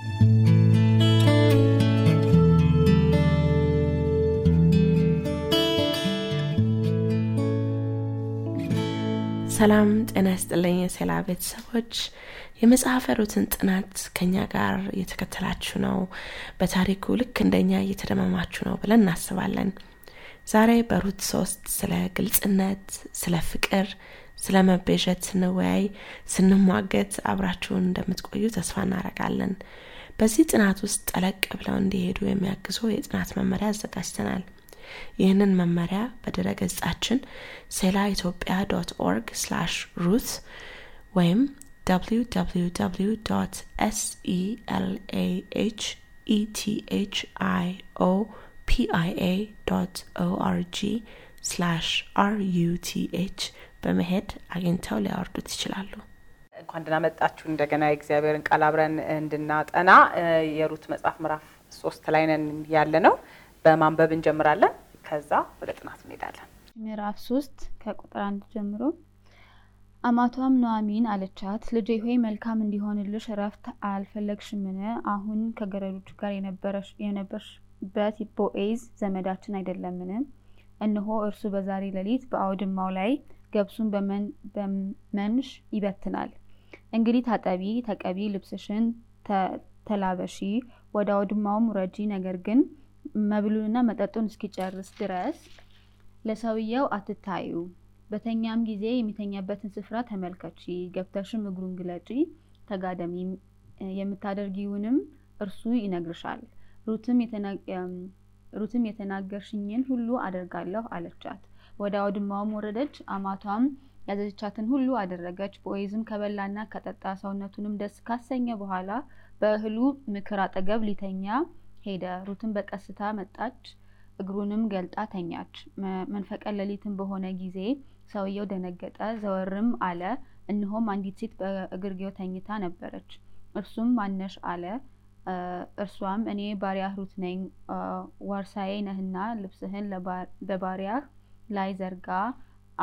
ሰላም ጤና ይስጥልኝ የሴላ ቤተሰቦች የመጽሐፈ ሩትን ጥናት ከኛ ጋር እየተከተላችሁ ነው በታሪኩ ልክ እንደኛ እየተደመማችሁ ነው ብለን እናስባለን ዛሬ በሩት ሶስት ስለ ግልጽነት ስለ ፍቅር ስለ መቤዠት ስንወያይ ስንሟገት አብራችሁን እንደምትቆዩ ተስፋ እናረጋለን በዚህ ጥናት ውስጥ ጠለቅ ብለው እንዲሄዱ የሚያግዙ የጥናት መመሪያ አዘጋጅተናል። ይህንን መመሪያ በድረ ገጻችን ሴላ ኢትዮጵያ ዶት ኦርግ ስላሽ ሩት ወይም www selaheth ethiopia org slash ruth በመሄድ አግኝተው ሊያወርዱት ይችላሉ። እንኳን ደህና መጣችሁ። እንደገና የእግዚአብሔርን ቃል አብረን እንድናጠና የሩት መጽሐፍ ምዕራፍ ሶስት ላይ ነን ያለ ነው። በማንበብ እንጀምራለን፣ ከዛ ወደ ጥናት እንሄዳለን። ምዕራፍ ሶስት ከቁጥር አንድ ጀምሮ አማቷም ነዋሚን አለቻት፣ ልጄ ሆይ መልካም እንዲሆንልሽ እረፍት አልፈለግሽምን? አሁን ከገረዶች ጋር የነበርሽበት ቦኤዝ ዘመዳችን አይደለምን? እነሆ እርሱ በዛሬ ሌሊት በአውድማው ላይ ገብሱን በመንሽ ይበትናል፣ እንግዲህ ታጠቢ፣ ተቀቢ፣ ልብስሽን ተላበሺ፣ ወደ አውድማውም ውረጂ። ነገር ግን መብሉንና መጠጡን እስኪጨርስ ድረስ ለሰውየው አትታዩ። በተኛም ጊዜ የሚተኛበትን ስፍራ ተመልከቺ፣ ገብተሽም እግሩን ግለጪ፣ ተጋደሚ፣ የምታደርጊውንም እርሱ ይነግርሻል። ሩትም የተናገርሽኝን ሁሉ አደርጋለሁ አለቻት። ወደ አውድማውም ወረደች። አማቷም ያዘዘቻትን ሁሉ አደረገች። ቦዔዝም ከበላና ከጠጣ ሰውነቱንም ደስ ካሰኘ በኋላ በእህሉ ምክር አጠገብ ሊተኛ ሄደ። ሩትም በቀስታ መጣች፣ እግሩንም ገልጣ ተኛች። መንፈቀ ሌሊትም በሆነ ጊዜ ሰውየው ደነገጠ፣ ዘወርም አለ። እነሆም አንዲት ሴት በእግርጌው ተኝታ ነበረች። እርሱም ማነሽ አለ። እርሷም እኔ ባሪያህ ሩት ነኝ፣ ዋርሳዬ ነህና ልብስህን በባሪያህ ላይ ዘርጋ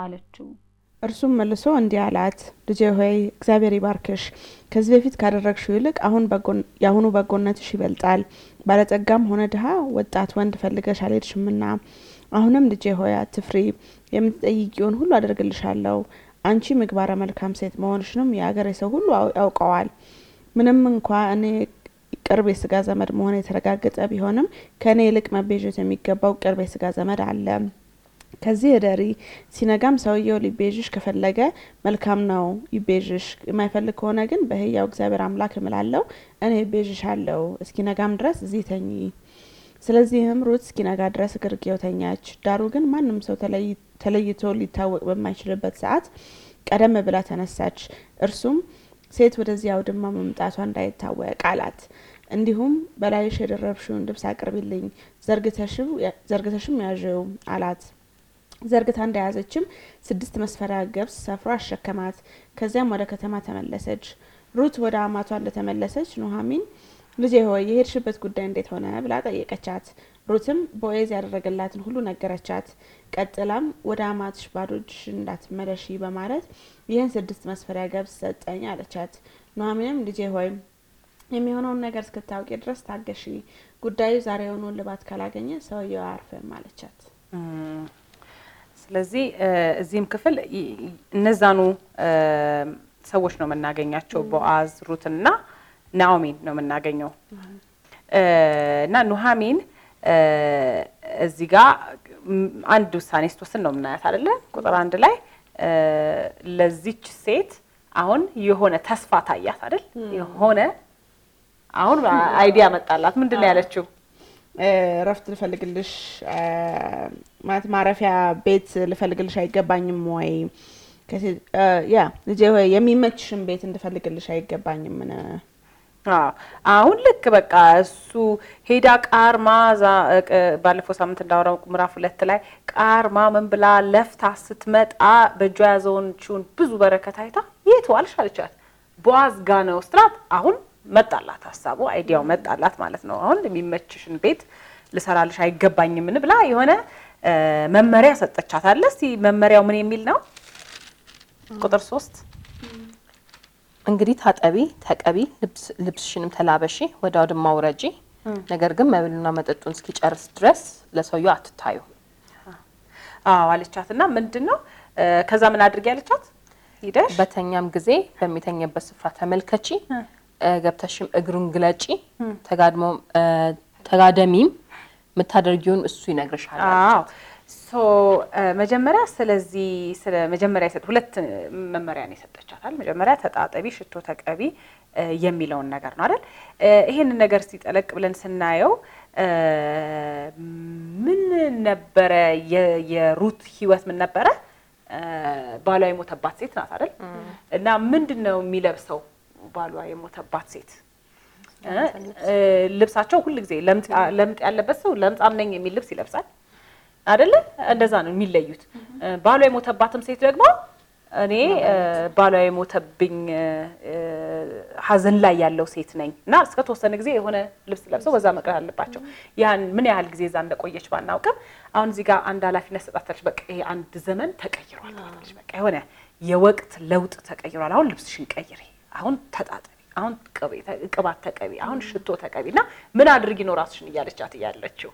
አለችው። እርሱም መልሶ እንዲህ አላት፣ ልጄ ሆይ እግዚአብሔር ይባርክሽ። ከዚህ በፊት ካደረግሽው ይልቅ አሁን የአሁኑ በጎነትሽ ይበልጣል። ባለጠጋም ሆነ ድሃ ወጣት ወንድ ፈልገሽ አልሄድሽምና። አሁንም ልጄ ሆይ አትፍሪ፣ የምትጠይቂውን ሁሉ አደርግልሻለሁ። አንቺ ምግባረ መልካም ሴት መሆንሽንም የአገሬ ሰው ሁሉ ያውቀዋል። ምንም እንኳ እኔ ቅርብ የስጋ ዘመድ መሆን የተረጋገጠ ቢሆንም ከእኔ ይልቅ መቤዠት የሚገባው ቅርብ የስጋ ዘመድ አለ። ከዚህ እደሪ። ሲነጋም ሰውየው ሊቤዥሽ ከፈለገ መልካም ነው ይቤዥሽ፣ የማይፈልግ ከሆነ ግን በህያው እግዚአብሔር አምላክ እምላለው እኔ ቤዥሽ አለው። እስኪነጋም ድረስ እዚህ ተኚ። ስለዚህም ሩት እስኪነጋ ድረስ ግርጌው ተኛች። ዳሩ ግን ማንም ሰው ተለይቶ ሊታወቅ በማይችልበት ሰዓት ቀደም ብላ ተነሳች። እርሱም ሴት ወደዚህ አውድማ መምጣቷ እንዳይታወቅ አላት። እንዲሁም በላይሽ የደረብሽውን ልብስ አቅርቢልኝ፣ ዘርግተሽም ያዥው አላት። ዘርግታ እንደያዘችም ስድስት መስፈሪያ ገብስ ሰፍሮ አሸከማት። ከዚያም ወደ ከተማ ተመለሰች። ሩት ወደ አማቷ እንደተመለሰች ኑሐሚን ልጄ ሆይ የሄድሽበት ጉዳይ እንዴት ሆነ ብላ ጠየቀቻት። ሩትም በወይዝ ያደረገላትን ሁሉ ነገረቻት። ቀጥላም ወደ አማትሽ ባዶ እንዳትመለሺ በማለት ይህን ስድስት መስፈሪያ ገብስ ሰጠኝ አለቻት። ኑሐሚንም ልጄ ሆይ የሚሆነውን ነገር እስክታውቂ ድረስ ታገሺ፣ ጉዳዩ ዛሬውኑ ልባት ካላገኘ ሰውየው አያርፍም አለቻት። ስለዚህ እዚህም ክፍል እነዛኑ ሰዎች ነው የምናገኛቸው። ቦአዝ ሩትና ናኦሚን ነው የምናገኘው እና ኑሃሚን እዚህ ጋ አንድ ውሳኔ ስቶስን ነው የምናያት አይደለ? ቁጥር አንድ ላይ ለዚች ሴት አሁን የሆነ ተስፋ ታያት አይደል? የሆነ አሁን አይዲያ መጣላት። ምንድን ነው ያለችው? እረፍት ልፈልግልሽ ማለት ማረፊያ ቤት ልፈልግልሽ አይገባኝም ወይ? ያ ልጄ ሆይ የሚመችሽን ቤት እንድፈልግልሽ አይገባኝም? አሁን ልክ በቃ እሱ ሄዳ ቃርማ ባለፈው ሳምንት እንዳወራው ምዕራፍ ሁለት ላይ ቃርማ ምን ብላ ለፍታ ስትመጣ በእጇ ያዘውንችውን ብዙ በረከት አይታ የት ዋልሽ አለቻት። ቦአዝ ጋነ ውስጥ ናት አሁን መጣላት ሀሳቡ አይዲያው መጣላት ማለት ነው። አሁን የሚመችሽን ቤት ልሰራልሽ አይገባኝምን ብላ የሆነ መመሪያ አለ። እስቲ መመሪያው ምን የሚል ነው? ቁጥር ሶስት እንግዲህ ታጠቢ፣ ተቀቢ፣ ልብስሽንም ተላበሺ፣ ወደ አውድማ ውረጂ፣ ነገር ግን መብልና መጠጡን እስኪጨርስ ድረስ ለሰውየው አትታዩ አለቻት። እና ምንድን ነው ከዛ ምን አድርጊ ያለቻት? ሂደሽ በተኛም ጊዜ በሚተኝበት ስፍራ ተመልከቺ ገብተሽም እግሩን ግለጪ ተጋድሞ ተጋደሚም የምታደርጊውን እሱ ይነግርሻል። ሶ መጀመሪያ ስለዚህ ስለ መጀመሪያ የሰጥ ሁለት መመሪያ ነው የሰጠቻታል። መጀመሪያ ተጣጠቢ፣ ሽቶ ተቀቢ የሚለውን ነገር ነው አይደል? ይሄንን ነገር ሲጠለቅ ብለን ስናየው ምን ነበረ የሩት ህይወት ምን ነበረ? ባሏ የሞተባት ሴት ናት አይደል? እና ምንድን ነው የሚለብሰው ባሏ የሞተባት ሴት ልብሳቸው ጊዜ ለምጥ ያለበት ሰው ለምጻም ነኝ የሚል ልብስ ይለብሳል አይደለ? እንደዛ ነው የሚለዩት። ባሏ የሞተባትም ሴት ደግሞ እኔ ባሏ የሞተብኝ ሀዘን ላይ ያለው ሴት ነኝ እና እስከ ተወሰነ ጊዜ የሆነ ልብስ ለብሰው በዛ መቅረት አለባቸው። ያን ምን ያህል ጊዜ እዛ እንደቆየች ባናውቅም አሁን እዚህ ጋር አንድ ኃላፊነት ሰጣታለች። በቃ ይሄ አንድ ዘመን ተቀይሯል። በቃ የሆነ የወቅት ለውጥ ተቀይሯል። አሁን ልብስሽን ቀይሪ አሁን ተጣጠቢ፣ አሁን ቅባት ተቀቢ፣ አሁን ሽቶ ተቀቢ እና ምን አድርጊ ነው ራስሽን እያለቻት እያለችው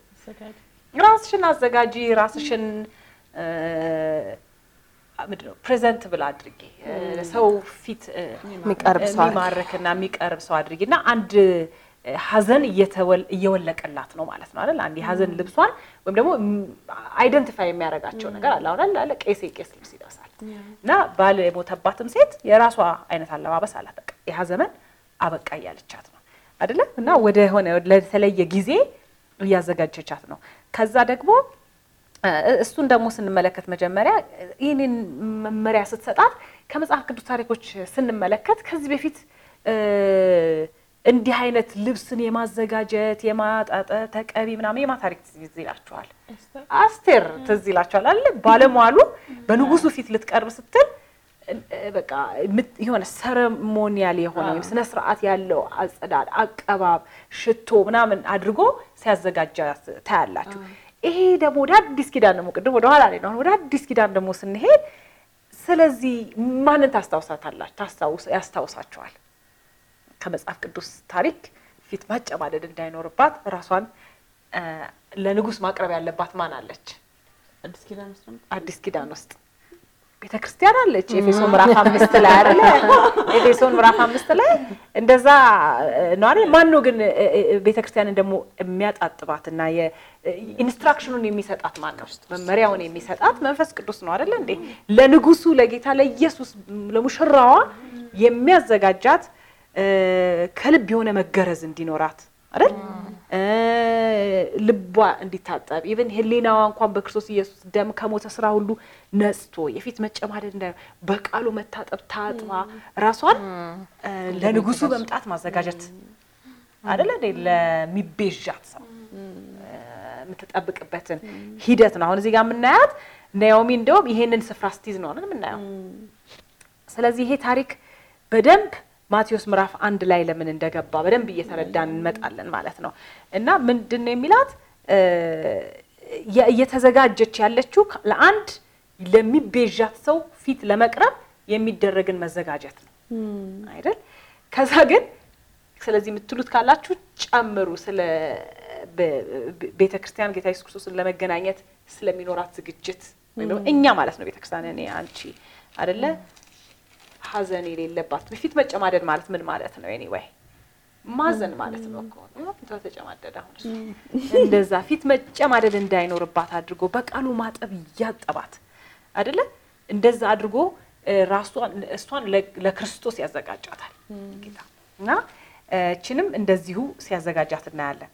ራስሽን አዘጋጂ፣ ራስሽን ምንድን ነው ፕሬዘንት ፕሬዘንትብል አድርጊ፣ ሰው ፊት ሰው የሚማርክና የሚቀርብ ሰው አድርጊ እና አንድ ሀዘን እየወለቀላት ነው ማለት ነው አይደል? አንድ የሀዘን ልብሷን ወይም ደግሞ አይደንቲፋይ የሚያደርጋቸው ነገር አለ። አሁን አለ ቄሴ ቄስ ልብስ ይለብሳል እና ባል የሞተባትም ሴት የራሷ አይነት አለባበስ አላት። በቃ ያ ዘመን አበቃ እያለቻት ነው አይደለም። እና ወደ ሆነ ለተለየ ጊዜ እያዘጋጀቻት ነው። ከዛ ደግሞ እሱን ደግሞ ስንመለከት መጀመሪያ ይህንን መመሪያ ስትሰጣት ከመጽሐፍ ቅዱስ ታሪኮች ስንመለከት ከዚህ በፊት እንዲህ አይነት ልብስን የማዘጋጀት የማጣጠ ተቀቢ ምናምን የማ ታሪክ ትዝ ይላችኋል። አስቴር ትዝ ይላችኋል አለ ባለሟሉ በንጉሱ ፊት ልትቀርብ ስትል በቃ የሆነ ሰረሞኒያል የሆነ ወይም ስነ ስርዓት ያለው አጸዳድ፣ አቀባብ፣ ሽቶ ምናምን አድርጎ ሲያዘጋጃ ታያላችሁ። ይሄ ደግሞ ወደ አዲስ ኪዳን ደግሞ ቅድም ወደኋላ ኋላ ላይ ነው። ወደ አዲስ ኪዳን ደግሞ ስንሄድ ስለዚህ ማንን ታስታውሳታላችሁ? ያስታውሳችኋል ከመጽሐፍ ቅዱስ ታሪክ ፊት ማጨማደድ እንዳይኖርባት ራሷን ለንጉስ ማቅረብ ያለባት ማን አለች? አዲስ ኪዳን ውስጥ ቤተ ክርስቲያን አለች። ኤፌሶ ምዕራፍ አምስት ላይ አለ። ኤፌሶን ምዕራፍ አምስት ላይ እንደዛ ነዋሪ ማን ነው ግን ቤተ ክርስቲያንን ደግሞ የሚያጣጥባት እና የኢንስትራክሽኑን የሚሰጣት ማን ነው? መመሪያውን የሚሰጣት መንፈስ ቅዱስ ነው አደለ እንዴ? ለንጉሱ ለጌታ ለኢየሱስ ለሙሽራዋ የሚያዘጋጃት ከልብ የሆነ መገረዝ እንዲኖራት አይደል ልቧ እንዲታጠብ ኢቨን ህሊናዋ እንኳን በክርስቶስ ኢየሱስ ደም ከሞተ ስራ ሁሉ ነጽቶ የፊት መጨማደድ እንዳ በቃሉ መታጠብ ታጥባ ራሷን ለንጉሱ መምጣት ማዘጋጀት አደለ እንዴ ለሚቤዣት ሰው የምትጠብቅበትን ሂደት ነው። አሁን እዚህ ጋር የምናያት ናኦሚ እንደውም ይሄንን ስፍራ ስቲዝ ነው የምናየው። ስለዚህ ይሄ ታሪክ በደንብ ማቴዎስ ምዕራፍ አንድ ላይ ለምን እንደገባ በደንብ እየተረዳን እንመጣለን ማለት ነው። እና ምንድን ነው የሚላት እየተዘጋጀች ያለችው ለአንድ ለሚቤዣት ሰው ፊት ለመቅረብ የሚደረግን መዘጋጀት ነው አይደል? ከዛ ግን ስለዚህ የምትሉት ካላችሁ ጨምሩ። ስለ ቤተ ክርስቲያን ጌታ ኢየሱስ ክርስቶስን ለመገናኘት ስለሚኖራት ዝግጅት ወይም እኛ ማለት ነው ቤተ ክርስቲያን እኔ አንቺ አይደለ ሀዘን የሌለባት በፊት መጨማደድ ማለት ምን ማለት ነው? ኤኒዌይ ማዘን ማለት ነው እኮ ተጨማደደ። አሁን እንደዛ ፊት መጨማደድ እንዳይኖርባት አድርጎ በቃሉ ማጠብ እያጠባት አይደለ? እንደዛ አድርጎ ራሷን እሷን ለክርስቶስ ያዘጋጃታል ጌታ እና እችንም እንደዚሁ ሲያዘጋጃት እናያለን።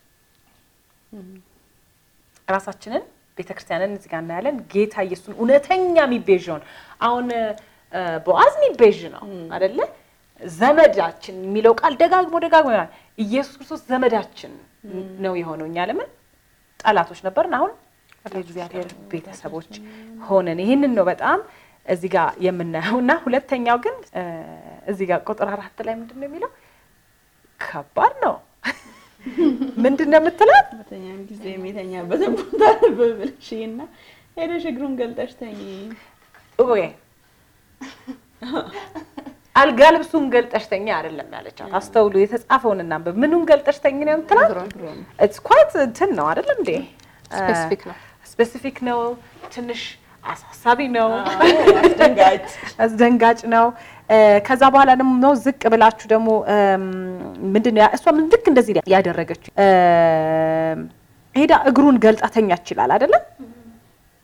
ራሳችንን ቤተ ክርስቲያንን እናያለን። ጌታ ኢየሱስን እውነተኛ የሚቤዣውን አሁን ቦአዝ ሚቤዥ ነው አደለ? ዘመዳችን የሚለው ቃል ደጋግሞ ደጋግሞ ይሆናል። ኢየሱስ ክርስቶስ ዘመዳችን ነው የሆነው። እኛ ለምን ጠላቶች ነበርን፣ አሁን የእግዚአብሔር ቤተሰቦች ሆነን። ይህንን ነው በጣም እዚህ ጋር የምናየው እና ሁለተኛው ግን እዚህ ጋር ቁጥር አራት ላይ ምንድን ነው የሚለው? ከባድ ነው። ምንድን ነው የምትላት? በተኛም ጊዜ የሚተኛበትን ቦታ ብለሽና ሄደሽ እግሩን ገልጠሽ አልጋ ልብሱን ገልጠሽተኛ አይደለም ያለቻት። አስተውሉ፣ የተጻፈውን እናንብብ። ምኑን ገልጠሽተኝ ነው የምትላት? ኢትስ ኳይት እንትን ነው አይደለም እንዴ? ስፔሲፊክ ነው፣ ስፔሲፊክ uh, ነው። ትንሽ አሳሳቢ ነው፣ አስደንጋጭ ነው። uh, ከዛ በኋላ ደግሞ ዝቅ ብላችሁ ደግሞ um, ምንድን ነው እሷ ምን ልክ እንደዚህ ያደረገችው uh, ሄዳ እግሩን ገልጣተኛ ይችላል አይደለም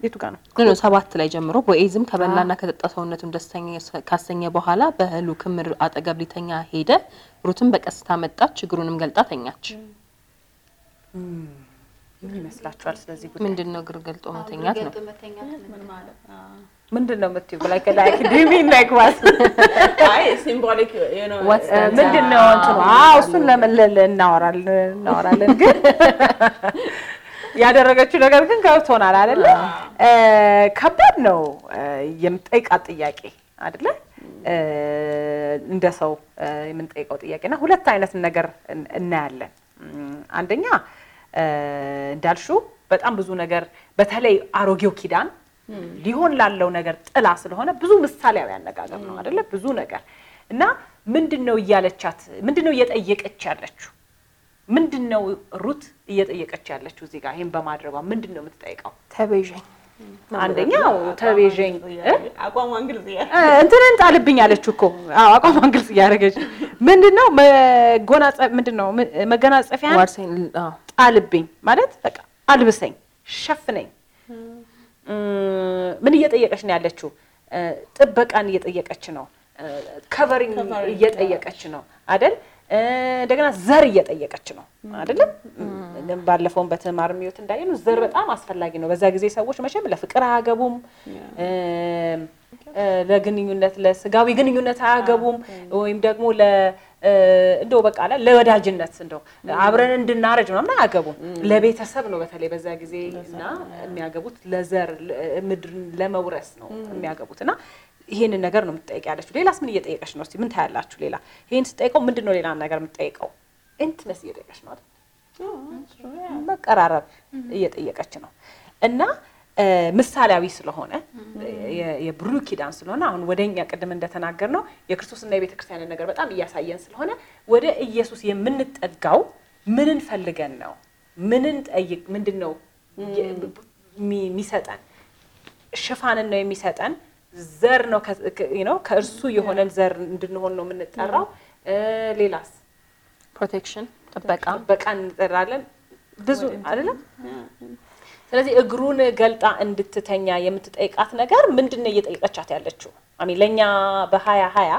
የቱ ጋር ነው? ነው ሰባት ላይ ጀምሮ ቦኤዝም ከበላና ከጠጣ ሰውነቱን ደስተኛ ካሰኘ በኋላ በእህሉ ክምር አጠገብ ሊተኛ ሄደ። ሩትም በቀስታ መጣች፣ ችግሩንም ገልጣ ተኛች። ምን ይመስላችኋል? ስለዚህ ምንድን ነው? እግር ገልጦ መተኛት ነው። ምንድን ነው የምትይው? ላይክ ላይክ ዱ ላይክ ዋት? አይ ሲምቦሊክ ዩ ኖ ምንድን ነው? አዎ እሱን ለምን እናወራለን፣ እናወራለን ግን ያደረገችው ነገር ግን ገብቶናል አይደለ? ከባድ ነው የምጠይቃት ጥያቄ አይደለ? እንደ ሰው የምንጠይቀው ጥያቄ እና ሁለት አይነት ነገር እናያለን። አንደኛ እንዳልሹ በጣም ብዙ ነገር በተለይ አሮጌው ኪዳን ሊሆን ላለው ነገር ጥላ ስለሆነ ብዙ ምሳሌያዊ አነጋገር ነው አይደለ? ብዙ ነገር እና ምንድን ነው እያለቻት ምንድን ነው እየጠየቀች ያለችው ምንድን ነው ሩት እየጠየቀች ያለችው እዚህ ጋር? ይህን በማድረጓ ምንድን ነው የምትጠይቀው? ተቤዥኝ አንደኛው ተቤዥኝ አቋሟ ግልጽ እንትንን ጣልብኝ አለችው እኮ አቋሟ ግልጽ እያደረገች ምንድን ነው ምንድን ነው መገናጸፊያን ጣልብኝ ማለት በቃ አልብሰኝ፣ ሸፍነኝ። ምን እየጠየቀች ነው ያለችው? ጥበቃን እየጠየቀች ነው። ከቨሪንግ እየጠየቀች ነው አደል እንደገና ዘር እየጠየቀች ነው አይደለም። ባለፈውን በትማር ሚዩት እንዳየኑ ዘር በጣም አስፈላጊ ነው። በዛ ጊዜ ሰዎች መቼም ለፍቅር አያገቡም፣ ለግንኙነት ለስጋዊ ግንኙነት አያገቡም፣ ወይም ደግሞ እንደው በቃ ለወዳጅነት እንደው አብረን እንድናረጅ ምናምን አያገቡም። ለቤተሰብ ነው በተለይ በዛ ጊዜ እና የሚያገቡት ለዘር ምድርን ለመውረስ ነው የሚያገቡት እና ይሄንን ነገር ነው የምትጠይቅ ያለችው። ሌላስ ምን እየጠየቀች ነው? እስኪ ምን ታያላችሁ? ሌላ ይሄን ስጠይቀው ምንድን ነው ሌላ ነገር የምትጠይቀው? ኢንትመስ እየጠየቀች ነው አይደል? መቀራረብ እየጠየቀች ነው እና ምሳሌያዊ ስለሆነ የብሉይ ኪዳን ስለሆነ አሁን ወደኛ ቅድም እንደተናገር ነው የክርስቶስና የቤተ ክርስቲያንን ነገር በጣም እያሳየን ስለሆነ ወደ ኢየሱስ የምንጠጋው ምንን ፈልገን ነው? ምንን ጠይቅ ምንድን ነው የሚሰጠን? ሽፋንን ነው የሚሰጠን ዘር ነው ነው ከእርሱ የሆነን ዘር እንድንሆን ነው የምንጠራው። ሌላስ ፕሮቴክሽን ጥበቃ ጥበቃ እንጠራለን ብዙ አይደለም። ስለዚህ እግሩን ገልጣ እንድትተኛ የምትጠይቃት ነገር ምንድን ነው እየጠየቀቻት ያለችው? አሚን ለእኛ በሀያ ሀያ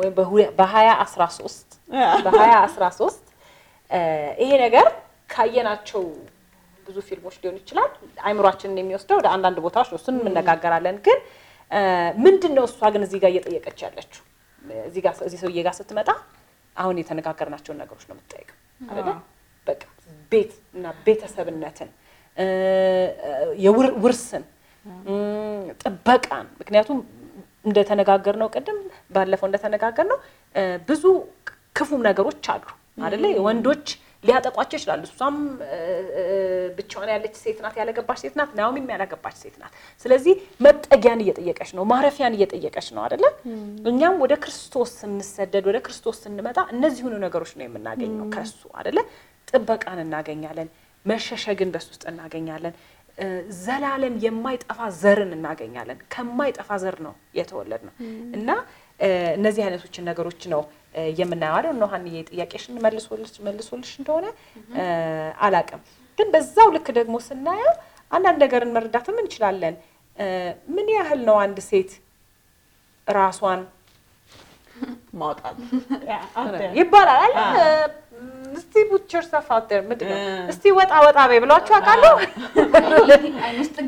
ወይም በሀያ አስራ ሶስት በሀያ አስራ ሶስት ይሄ ነገር ካየናቸው ብዙ ፊልሞች ሊሆን ይችላል አይምሯችንን የሚወስደው ወደ አንዳንድ ቦታዎች ነው። እሱን እንነጋገራለን። ግን ምንድን ነው እሷ ግን እዚህ ጋር እየጠየቀች ያለችው እዚህ ሰውዬ ጋር ስትመጣ አሁን የተነጋገርናቸውን ነገሮች ነው የምትጠይቀው አይደለ? በቃ ቤት እና ቤተሰብነትን የውርስን ጥበቃን ምክንያቱም እንደተነጋገር ነው ቅድም ባለፈው እንደተነጋገር ነው ብዙ ክፉ ነገሮች አሉ አደለ? ወንዶች ሊያጠቋቸው ይችላሉ። እሷም ብቻዋን ያለች ሴት ናት፣ ያለገባች ሴት ናት፣ ናኦሚም ያላገባች ሴት ናት። ስለዚህ መጠጊያን እየጠየቀች ነው፣ ማረፊያን እየጠየቀች ነው አይደለም። እኛም ወደ ክርስቶስ ስንሰደድ፣ ወደ ክርስቶስ ስንመጣ እነዚህ ሁኑ ነገሮች ነው የምናገኘው ከሱ አይደለ። ጥበቃን እናገኛለን፣ መሸሸግን በሱ ውስጥ እናገኛለን። ዘላለም የማይጠፋ ዘርን እናገኛለን። ከማይጠፋ ዘር ነው የተወለድ ነው እና እነዚህ አይነቶችን ነገሮች ነው የምናየው አይደል ነው። ሀንዬ ጥያቄሽን መልሶልሽ እንደሆነ አላቅም፣ ግን በዛው ልክ ደግሞ ስናየው አንዳንድ ነገርን መረዳትም እንችላለን። ምን ያህል ነው አንድ ሴት ራሷን ማውጣት ይባላል እስቲ ቡቸር ሰፋተር ምድ እስቲ ወጣ ወጣ በይ ብሏችሁ አውቃለሁ። እስቲ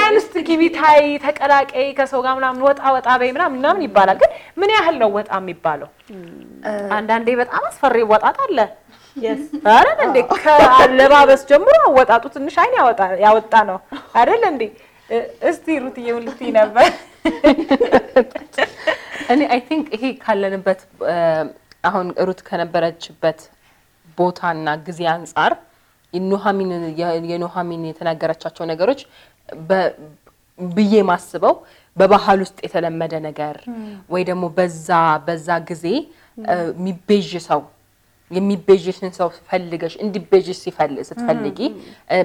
አይን ውስጥ ግቢ ታይ፣ ተቀላቀይ ከሰው ጋር ምናምን ወጣ ወጣ በይ ምናምን ምናምን ይባላል። ግን ምን ያህል ነው ወጣ የሚባለው? አንዳንዴ በጣም አስፈሪ ወጣት አለ። አረ እንዴ ከአለባበስ ጀምሮ አወጣጡ ትንሽ አይን ያወጣ ነው አይደል እንዴ? እስቲ ሩትዬ ምን ልትይ ነበር? እኔ አይ ቲንክ ይሄ ካለንበት አሁን ሩት ከነበረችበት ቦታና ጊዜ አንጻር የኑሐሚን የተናገረቻቸው ነገሮች ብዬ ማስበው በባህል ውስጥ የተለመደ ነገር ወይ ደግሞ በዛ በዛ ጊዜ የሚቤዥ ሰው የሚቤዥሽን ሰው ፈልገሽ እንዲቤዥሽ ስትፈልጊ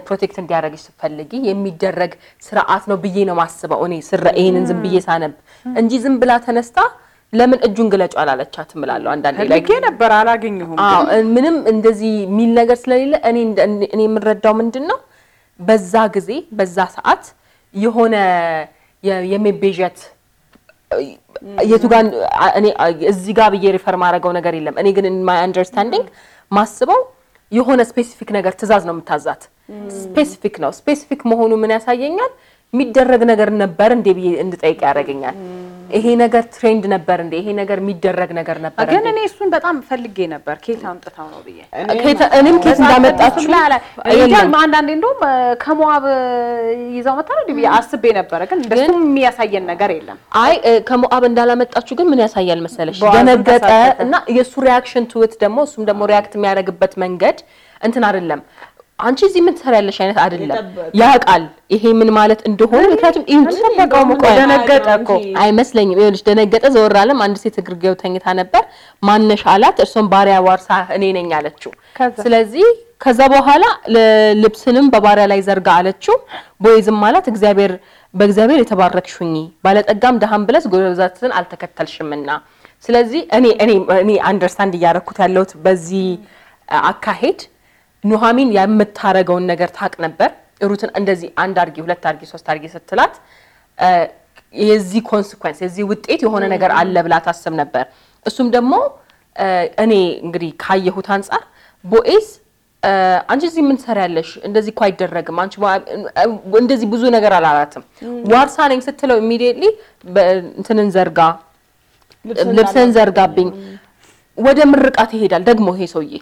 ፕሮቴክት እንዲያደረግሽ ስትፈልጊ የሚደረግ ስርዓት ነው ብዬ ነው ማስበው እኔ ስረ ይህንን ዝም ብዬ ሳነብ እንጂ ዝም ብላ ተነስታ ለምን እጁን ግለጩ አላለቻትም እላለሁ። አንዳንዴ ላይ ነበር አላገኘሁም። ምንም እንደዚህ የሚል ነገር ስለሌለ እኔ እኔ የምንረዳው ምንድን ነው በዛ ጊዜ በዛ ሰዓት የሆነ የመቤዠት የቱ ጋር እኔ እዚህ ጋር ብዬ ሪፈር ማድረገው ነገር የለም። እኔ ግን ማይ አንደርስታንዲንግ ማስበው የሆነ ስፔሲፊክ ነገር ትእዛዝ ነው የምታዛት። ስፔሲፊክ ነው። ስፔሲፊክ መሆኑ ምን ያሳየኛል? የሚደረግ ነገር ነበር እንዴ ብዬ እንድጠይቅ ያደርገኛል። ይሄ ነገር ትሬንድ ነበር እንዴ? ይሄ ነገር የሚደረግ ነገር ነበር ግን እኔ እሱን በጣም ፈልጌ ነበር። ኬት አምጥታው ነው ብዬ እኔም ኬት እንዳመጣችሁ ይሄን አንዳንዴ እንደውም ከሞአብ ይዛው መጣ ነው ብዬ አስቤ ነበረ። ግን እንደሱ የሚያሳየን ነገር የለም። አይ ከሞአብ እንዳላመጣችሁ ግን ምን ያሳያል መሰለሽ? ደነገጠ እና የእሱ ሪያክሽን ትውት ደግሞ እሱም ደግሞ ሪያክት የሚያደርግበት መንገድ እንትን አይደለም አንቺ እዚህ ምን ትሰሪያለሽ አይነት አይደለም። ያውቃል ይሄ ምን ማለት እንደሆነ። ምክንያቱም ይሁን እኮ ደነገጠ እኮ አይመስለኝም። ይኸውልሽ ደነገጠ፣ ዘወር አለም። አንድ ሴት እግር እግርጌው ተኝታ ነበር። ማነሽ አላት። እርሷን ባሪያ ዋርሳ እኔ ነኝ አለችው። ስለዚህ ከዛ በኋላ ልብስንም በባሪያ ላይ ዘርጋ አለችው። ቦይዝም አላት እግዚአብሔር በእግዚአብሔር የተባረክሽኝ ባለጠጋም ድሃም ብለስ ጎበዛዝትን አልተከተልሽምና ስለዚህ እኔ እኔ እኔ አንደርስታንድ እያደረኩት ያለሁት በዚህ አካሄድ ኑሐሚን የምታረገውን ነገር ታቅ ነበር። ሩትን እንደዚህ አንድ አርጊ፣ ሁለት አርጊ፣ ሶስት አርጊ ስትላት የዚህ ኮንስኮንስ የዚህ ውጤት የሆነ ነገር አለ ብላ ታስብ ነበር። እሱም ደግሞ እኔ እንግዲህ ካየሁት አንጻር ቦኤዝ አንቺ እዚህ ምን ትሰሪያለሽ? እንደዚህ እኮ አይደረግም። አንቺ እንደዚህ ብዙ ነገር አላላትም። ዋርሳ ነኝ ስትለው ኢሚዲየትሊ እንትንን ዘርጋ ልብስን ዘርጋብኝ ወደ ምርቃት ይሄዳል። ደግሞ ይሄ ሰውዬ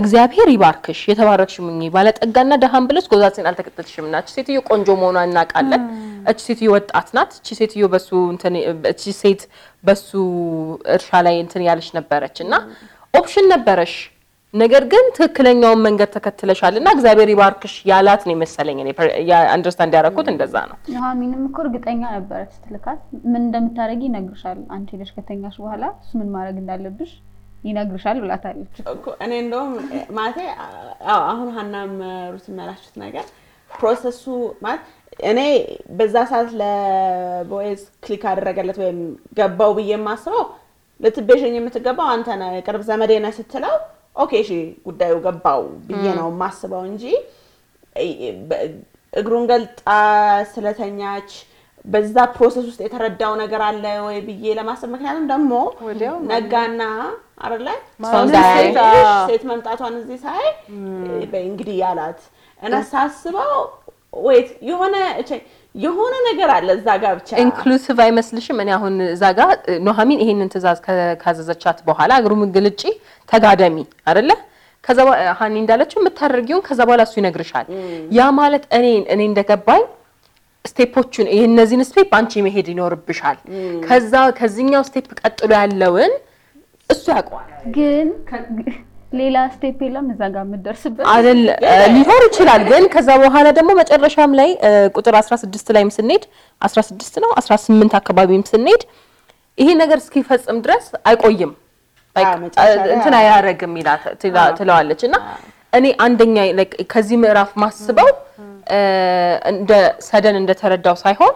እግዚአብሔር ይባርክሽ፣ የተባረክሽ ሙኚ፣ ባለጠጋና ደሃን ብለሽ ጎዛጽን አልተቀጠልሽም ናት። እቺ ሴትዮ ቆንጆ መሆኗ እናውቃለን። እቺ ሴትዮ ወጣት ናት። እቺ ሴትዮ በሱ እንትን እቺ ሴት በሱ እርሻ ላይ እንትን ያለሽ ነበረች እና ኦፕሽን ነበረሽ። ነገር ግን ትክክለኛውን መንገድ ተከትለሻል እና እግዚአብሔር ይባርክሽ ያላት ነው የመሰለኝ። እኔ አንደርስታንድ ያደረኩት እንደዛ ነው። ኑሐሚንም እኮ እርግጠኛ ነበረች። ትልካት ምን እንደምታደርጊ ይነግርሻል። አንቺ ሄደሽ ከተኛሽ በኋላ እሱ ምን ማድረግ እንዳለብሽ ይነግርሻል ብላታለች። እኔ እንደውም ማለቴ አሁን ሀናም ሩት የሚያላችሁት ነገር ፕሮሰሱ ማለት እኔ በዛ ሰዓት ለቦኤዝ ክሊክ አደረገለት ወይም ገባው ብዬ የማስበው ልትቤዥኝ የምትገባው አንተ ነህ የቅርብ ዘመዴ ነህ ስትለው ኦኬ እሺ ጉዳዩ ገባው ብዬ ነው የማስበው እንጂ እግሩን ገልጣ ስለተኛች በዛ ፕሮሰስ ውስጥ የተረዳው ነገር አለ ወይ ብዬ ለማሰብ ምክንያቱም ደግሞ ነጋና አረላ ሴት መምጣቷን እዚህ ሳይ እንግዲህ ያላት እና ሳስበው ወይት የሆነ የሆነ ነገር አለ እዛ ጋ ብቻ ኢንክሉሲቭ አይመስልሽም? እኔ አሁን እዛ ጋ ኖሀሚን ይሄንን ትእዛዝ ካዘዘቻት በኋላ እግሩም ግልጪ ተጋደሚ አደለ ከዛ ሀኒ እንዳለችው የምታደርጊውን ከዛ በኋላ እሱ ይነግርሻል። ያ ማለት እኔ እኔ እንደገባኝ ስቴፖቹን እነዚህን ስቴፕ አንቺ መሄድ ይኖርብሻል። ከዛ ከዚኛው ስቴፕ ቀጥሎ ያለውን እሱ ያውቀዋል። ግን ሌላ ስቴፕ የለም እዛ ጋር የምደርስበት አይደል? ሊሆን ይችላል። ግን ከዛ በኋላ ደግሞ መጨረሻም ላይ ቁጥር 16 ላይም ስንሄድ 16 ነው 18 አካባቢም ስንሄድ ይሄ ነገር እስኪፈጽም ድረስ አይቆይም እንትን አያረግም ትለዋለች እና እኔ አንደኛ ከዚህ ምዕራፍ ማስበው እንደ ሰደን እንደተረዳው ሳይሆን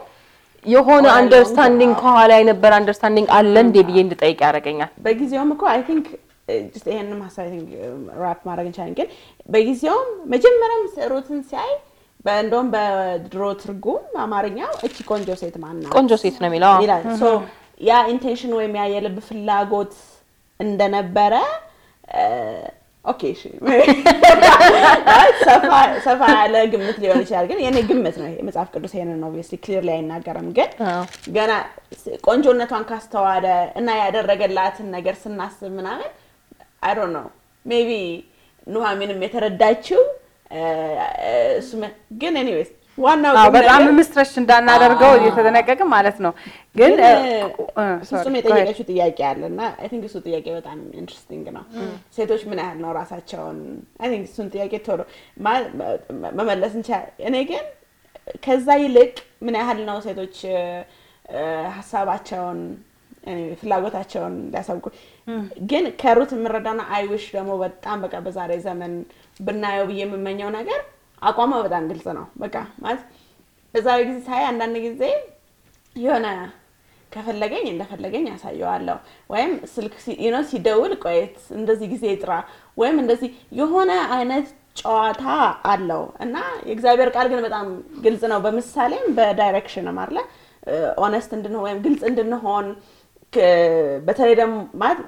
የሆነ አንደርስታንዲንግ ከኋላ የነበረ አንደርስታንዲንግ አለ እንዴ ብዬ እንድጠይቅ ያደረገኛል። በጊዜውም እኮ አይ ቲንክ ይህን ሀሳብ ራፕ ማድረግ እንችላለን። ግን በጊዜውም መጀመሪያም ሩትን ሲያይ እንደውም በድሮ ትርጉም አማርኛው እቺ ቆንጆ ሴት ማና ቆንጆ ሴት ነው የሚለው ይላል። ያ ኢንቴንሽን ወይም ያ የልብ ፍላጎት እንደነበረ ኦኬ እሺ፣ ሰፋ ያለ ግምት ሊሆን ይችላል፣ ግን የኔ ግምት ነው። የመጽሐፍ ቅዱስ ይሄንን ነው ኦብቪየስሊ ክሊር ላይ አይናገርም፣ ግን ገና ቆንጆነቷን ካስተዋለ እና ያደረገላትን ነገር ስናስብ ምናምን አይ ዶንት ኖ ሜቢ ኑሐሚንም የተረዳችው እሱም ግን ኤኒዌይስ ዋናው በጣም ምስትረሽ እንዳናደርገው እየተጠነቀቅን ማለት ነው። ግን ፍጹም የጠየቀችው ጥያቄ አለ እና አይ ቲንክ እሱ ጥያቄ በጣም ኢንትረስቲንግ ነው። ሴቶች ምን ያህል ነው ራሳቸውን አይ ቲንክ እሱን ጥያቄ ቶሎ መመለስ እንችላል። እኔ ግን ከዛ ይልቅ ምን ያህል ነው ሴቶች ሀሳባቸውን ፍላጎታቸውን ሊያሳውቁ ግን ከሩት የምንረዳውና ደግሞ በጣም በቃ በዛሬ ዘመን ብናየው ብዬ የምመኘው ነገር አቋማ በጣም ግልጽ ነው። በቃ ማለት በዛ ጊዜ ሳይ አንዳንድ ጊዜ የሆነ ከፈለገኝ እንደፈለገኝ ያሳየዋለሁ ወይም ስልክ ኖ ሲደውል ቆየት እንደዚህ ጊዜ ጥራ ወይም እንደዚህ የሆነ አይነት ጨዋታ አለው እና የእግዚአብሔር ቃል ግን በጣም ግልጽ ነው። በምሳሌም በዳይሬክሽንም አለ ኦነስት እንድንሆን ወይም ግልጽ እንድንሆን በተለይ ደግሞ ማለት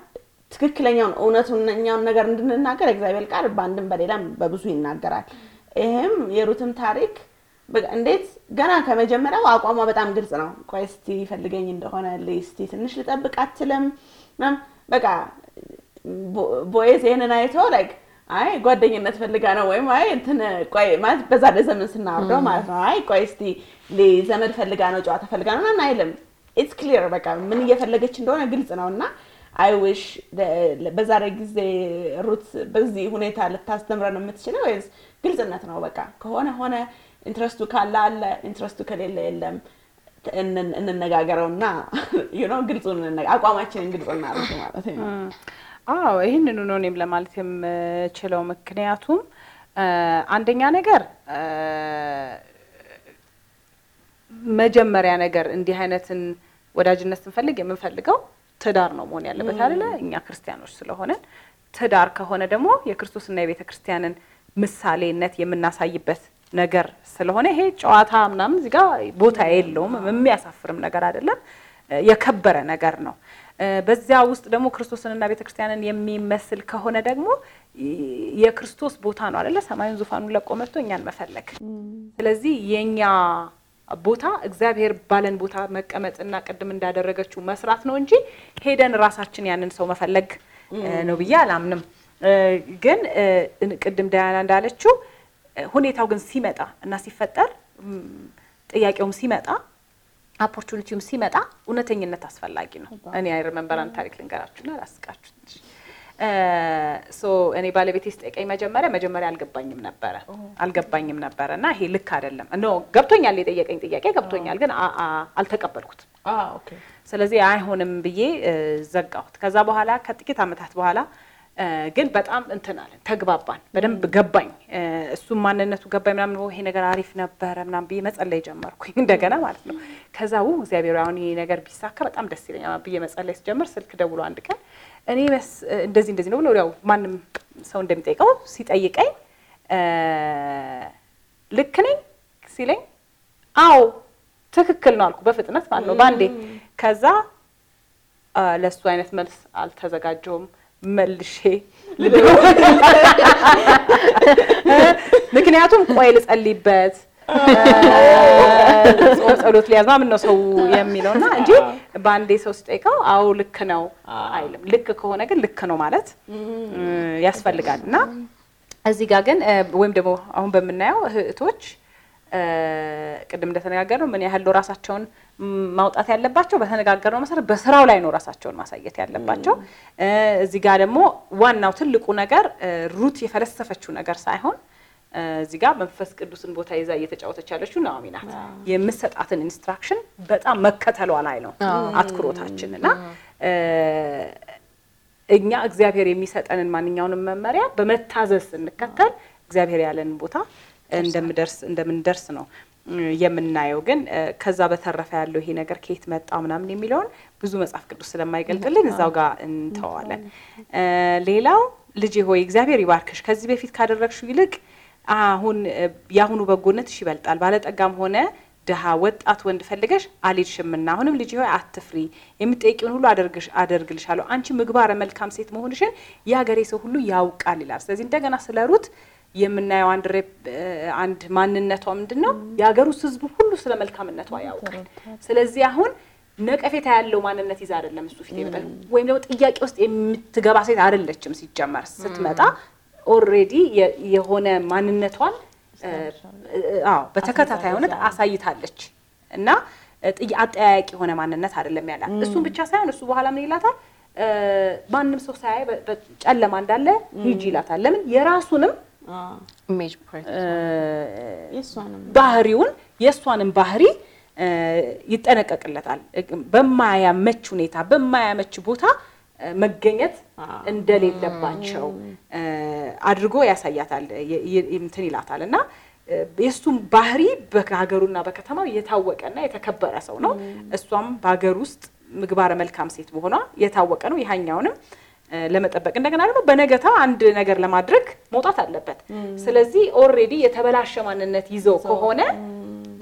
ትክክለኛውን እውነተኛውን ነገር እንድንናገር እግዚአብሔር ቃል በአንድም በሌላም በብዙ ይናገራል። ይሄም የሩትም ታሪክ እንዴት ገና ከመጀመሪያው አቋሟ በጣም ግልጽ ነው። ቆይ እስቲ ይፈልገኝ እንደሆነ እስቲ ትንሽ ልጠብቅ አትልም። በቃ ቦኤዝ ይህንን አይቶ ላይክ አይ ጓደኝነት ፈልጋ ነው ወይም አይ እንትን ቆይ ማለት በዛ ለዘመን ስናወርደው ማለት ነው። አይ ቆይ እስቲ ዘመድ ፈልጋ ነው ጨዋታ ፈልጋ ነው ምናምን አይልም። ኢትስ ክሊር በቃ ምን እየፈለገች እንደሆነ ግልጽ ነው እና አይውሽ በዛሬ ጊዜ ሩት በዚህ ሁኔታ ልታስተምረን የምትችለው ወይስ ግልጽነት ነው? በቃ ከሆነ ሆነ፣ ኢንትረስቱ ካለ አለ፣ ኢንትረስቱ ከሌለ የለም። እንነጋገረው እና ነው ግልጹ አቋማችንን ግልጽ እናርሱ ማለት ነው። አዎ ይህንኑ ነው እኔም ለማለት የምችለው። ምክንያቱም አንደኛ ነገር መጀመሪያ ነገር እንዲህ አይነትን ወዳጅነት ስንፈልግ የምንፈልገው ትዳር ነው መሆን ያለበት አይደለ? እኛ ክርስቲያኖች ስለሆነ ትዳር ከሆነ ደግሞ የክርስቶስና የቤተ ክርስቲያንን ምሳሌነት የምናሳይበት ነገር ስለሆነ ይሄ ጨዋታ ምናምን እዚህ ጋ ቦታ የለውም። የሚያሳፍርም ነገር አይደለም፣ የከበረ ነገር ነው። በዚያ ውስጥ ደግሞ ክርስቶስንና ቤተ ክርስቲያንን የሚመስል ከሆነ ደግሞ የክርስቶስ ቦታ ነው አይደለ? ሰማዩን ዙፋኑን ለቆ መጥቶ እኛን መፈለግ ስለዚህ የኛ ቦታ እግዚአብሔር ባለን ቦታ መቀመጥና ቅድም እንዳደረገችው መስራት ነው እንጂ ሄደን ራሳችን ያንን ሰው መፈለግ ነው ብዬ አላምንም። ግን ቅድም ዳያና እንዳለችው ሁኔታው ግን ሲመጣ እና ሲፈጠር ጥያቄውም ሲመጣ ኦፖርቹኒቲውም ሲመጣ እውነተኝነት አስፈላጊ ነው። እኔ አይርመንበር አንድ ታሪክ ልንገራችሁና ላስቃችሁ። እኔ ባለቤቴ ስጠይቀኝ መጀመሪያ መጀመሪያ አልገባኝም ነበረ አልገባኝም ነበረ እና ይሄ ልክ አይደለም ኖ ገብቶኛል፣ የጠየቀኝ ጥያቄ ገብቶኛል፣ ግን አልተቀበልኩትም። ስለዚህ አይሆንም ብዬ ዘጋሁት። ከዛ በኋላ ከጥቂት ዓመታት በኋላ ግን በጣም እንትን አለን፣ ተግባባን፣ በደንብ ገባኝ፣ እሱም ማንነቱ ገባኝ ምናምን። ይሄ ነገር አሪፍ ነበረ ምናምን ብዬ መጸለይ ጀመርኩኝ እንደገና ማለት ነው። ከዛ እግዚአብሔር አሁን ይሄ ነገር ቢሳካ በጣም ደስ ይለኛል ብዬ መጸለይ ስጀምር ስልክ ደውሎ አንድ ቀን እኔ እንደዚህ እንደዚህ ነው ብሎ ያው ማንም ሰው እንደሚጠይቀው ሲጠይቀኝ ልክ ነኝ ሲለኝ አዎ ትክክል ነው አልኩ፣ በፍጥነት ማለት ነው፣ በአንዴ። ከዛ ለእሱ አይነት መልስ አልተዘጋጀውም መልሼ ምክንያቱም ቆይ ልጸልይበት ጾም ጸሎት ሊያዝ ምናምን ነው ሰው የሚለውና እንጂ በአንዴ ሰው ሲጠይቀው አዎ ልክ ነው አይልም። ልክ ከሆነ ግን ልክ ነው ማለት ያስፈልጋል እና እዚህ ጋር ግን ወይም ደግሞ አሁን በምናየው እህቶች ቅድም እንደተነጋገር ነው ምን ያህል ነው ራሳቸውን ማውጣት ያለባቸው። በተነጋገርነው መሰረት በስራው ላይ ነው ራሳቸውን ማሳየት ያለባቸው። እዚህ ጋር ደግሞ ዋናው ትልቁ ነገር ሩት የፈለሰፈችው ነገር ሳይሆን እዚህ ጋር መንፈስ ቅዱስን ቦታ ይዛ እየተጫወተች ያለችው ናኦሚ ናት። የምሰጣትን ኢንስትራክሽን በጣም መከተሏ ላይ ነው አትኩሮታችን እና እኛ እግዚአብሔር የሚሰጠንን ማንኛውንም መመሪያ በመታዘዝ ስንከተል እግዚአብሔር ያለንን ቦታ እንደምደርስ እንደምንደርስ ነው የምናየው ግን ከዛ በተረፈ ያለው ይሄ ነገር ከየት መጣ ምናምን የሚለውን ብዙ መጽሐፍ ቅዱስ ስለማይገልጥልን እዛው ጋር እንተዋለን። ሌላው ልጅ ሆይ እግዚአብሔር ይባርክሽ፣ ከዚህ በፊት ካደረግሽው ይልቅ አሁን የአሁኑ በጎነትሽ ይበልጣል። ባለጠጋም ሆነ ድሃ ወጣት ወንድ ፈልገሽ አልሄድሽምና አሁንም ልጅ ሆይ አትፍሪ፣ የምትጠይቂውን ሁሉ አደርግልሻለሁ። አንቺ ምግባረ መልካም ሴት መሆንሽን የሀገሬ ሰው ሁሉ ያውቃል ይላል። ስለዚህ እንደገና ስለ ሩት የምናየው አንድ አንድ ማንነቷ ምንድን ነው? የሀገር ውስጥ ህዝቡ ሁሉ ስለ መልካምነቷ ያውቃል። ስለዚህ አሁን ነቀፌታ ያለው ማንነት ይዛ አይደለም እሱ ፊት ይመጣል። ወይም ደግሞ ጥያቄ ውስጥ የምትገባ ሴት አይደለችም። ሲጀመር ስትመጣ ኦልሬዲ የሆነ ማንነቷን አዎ በተከታታይ ሆነት አሳይታለች እና አጠያያቂ የሆነ ማንነት አይደለም ያላት። እሱን ብቻ ሳይሆን እሱ በኋላ ምን ይላታል? ማንም ሰው ሳያይ ጨለማ እንዳለ ሂጂ ይላታል። ለምን የራሱንም ባህሪውን የእሷንም ባህሪ ይጠነቀቅለታል። በማያመች ሁኔታ በማያመች ቦታ መገኘት እንደሌለባቸው አድርጎ ያሳያታል። እንትን ይላታል እና የእሱም ባህሪ በሀገሩና በከተማው የታወቀና የተከበረ ሰው ነው። እሷም በሀገር ውስጥ ምግባረ መልካም ሴት በሆኗ የታወቀ ነው። ይሀኛውንም ለመጠበቅ እንደገና ደግሞ በነገታው አንድ ነገር ለማድረግ መውጣት አለበት። ስለዚህ ኦልሬዲ የተበላሸ ማንነት ይዘው ከሆነ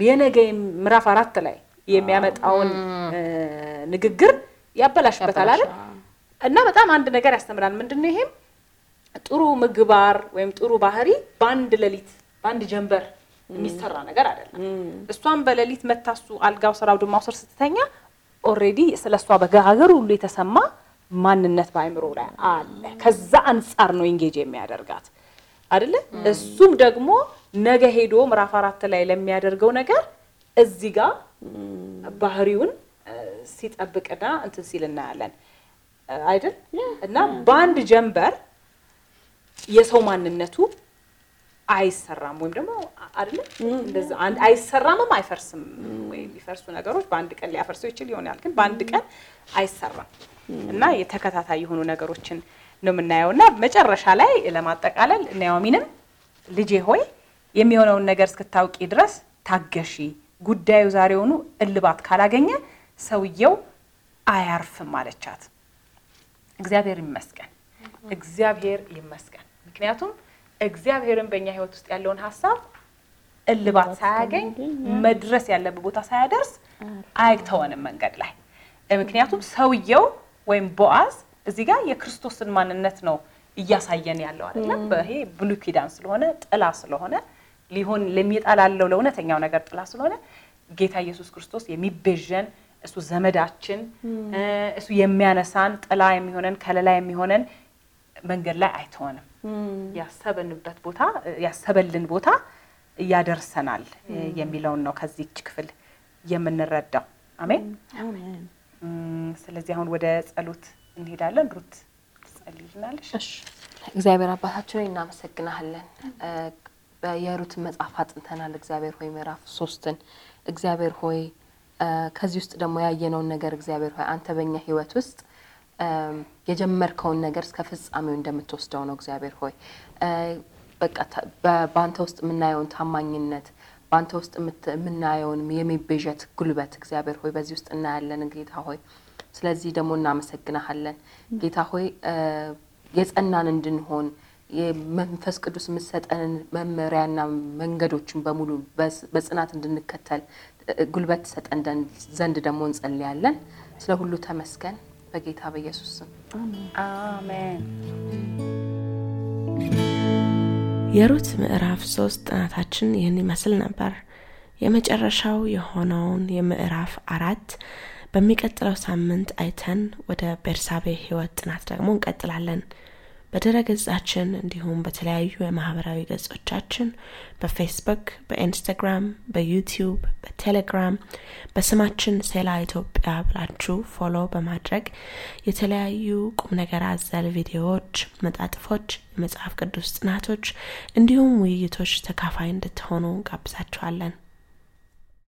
የነገ ምዕራፍ አራት ላይ የሚያመጣውን ንግግር ያበላሽበታል አይደል? እና በጣም አንድ ነገር ያስተምራል። ምንድነው ይሄም ጥሩ ምግባር ወይም ጥሩ ባህሪ በአንድ ሌሊት በአንድ ጀንበር የሚሰራ ነገር አይደለም። እሷም በሌሊት መታሱ አልጋው ስራው ድማው ስር ስትተኛ ኦሬዲ ስለ እሷ በገሀገር ሁሉ የተሰማ ማንነት በአይምሮ ላይ አለ። ከዛ አንጻር ነው ኢንጌጅ የሚያደርጋት አይደለ? እሱም ደግሞ ነገ ሄዶ ምዕራፍ አራት ላይ ለሚያደርገው ነገር እዚህ ጋር ባህሪውን ሲጠብቅና እንትን ሲል እናያለን አይደል? እና በአንድ ጀንበር የሰው ማንነቱ አይሰራም ወይም ደግሞ አይደለ እንደዛ አይሰራምም አይፈርስም። ወይ የሚፈርሱ ነገሮች በአንድ ቀን ሊያፈርሰው ይችል ይሆናል፣ ግን በአንድ ቀን አይሰራም። እና የተከታታይ የሆኑ ነገሮችን ነው የምናየው እና መጨረሻ ላይ ለማጠቃለል ናኦሚንም ልጄ ሆይ የሚሆነውን ነገር እስክታውቂ ድረስ ታገሺ፣ ጉዳዩ ዛሬውኑ እልባት ካላገኘ ሰውየው አያርፍም አለቻት። እግዚአብሔር ይመስገን፣ እግዚአብሔር ይመስገን። ምክንያቱም እግዚአብሔርን በእኛ ህይወት ውስጥ ያለውን ሀሳብ እልባት ሳያገኝ መድረስ ያለበት ቦታ ሳያደርስ አይተወንም መንገድ ላይ ምክንያቱም ሰውየው ወይም ቦአዝ እዚህ ጋር የክርስቶስን ማንነት ነው እያሳየን ያለው አይደለም። በይሄ ብሉይ ኪዳን ስለሆነ ጥላ ስለሆነ ሊሆን ለሚጣ ለእውነተኛው ነገር ጥላ ስለሆነ ጌታ ኢየሱስ ክርስቶስ የሚቤዠን እሱ ዘመዳችን እሱ የሚያነሳን ጥላ የሚሆነን ከለላ የሚሆነን መንገድ ላይ አይተወንም። ያሰበንበት ቦታ ያሰበልን ቦታ እያደርሰናል የሚለውን ነው ከዚች ክፍል የምንረዳው። አሜን። ስለዚህ አሁን ወደ ጸሎት እንሄዳለን። ሩት ትጸልይልናለሽ? እግዚአብሔር አባታችን ሆይ እናመሰግናለን። የሩትን መጽሐፍ አጥንተናል። እግዚአብሔር ሆይ ምዕራፍ ሶስትን እግዚአብሔር ሆይ ከዚህ ውስጥ ደግሞ ያየነውን ነገር እግዚአብሔር ሆይ አንተ በእኛ ህይወት ውስጥ የጀመርከውን ነገር እስከ ፍጻሜው እንደምትወስደው ነው። እግዚአብሔር ሆይ በቃ በአንተ ውስጥ የምናየውን ታማኝነት በአንተ ውስጥ የምናየውን የሚቤዠት ጉልበት እግዚአብሔር ሆይ በዚህ ውስጥ እናያለን ጌታ ሆይ። ስለዚህ ደግሞ እናመሰግናሃለን ጌታ ሆይ የጸናን እንድንሆን የመንፈስ ቅዱስ የምትሰጠንን መመሪያና መንገዶችን በሙሉ በጽናት እንድንከተል ጉልበት ሰጠን ዘንድ ደግሞ እንጸልያለን። ስለ ሁሉ ተመስገን በጌታ በኢየሱስ ስም አሜን። የሩት ምዕራፍ ሶስት ጥናታችን ይህን ይመስል ነበር የመጨረሻው የሆነውን የምዕራፍ አራት በሚቀጥለው ሳምንት አይተን ወደ ቤርሳቤ ህይወት ጥናት ደግሞ እንቀጥላለን በድረ ገጻችን እንዲሁም በተለያዩ የማህበራዊ ገጾቻችን በፌስቡክ፣ በኢንስታግራም፣ በዩቲዩብ፣ በቴሌግራም በስማችን ሴላ ኢትዮጵያ ብላችሁ ፎሎ በማድረግ የተለያዩ ቁም ነገር አዘል ቪዲዮዎች፣ መጣጥፎች፣ የመጽሐፍ ቅዱስ ጥናቶች እንዲሁም ውይይቶች ተካፋይ እንድትሆኑ ጋብዛችኋለን።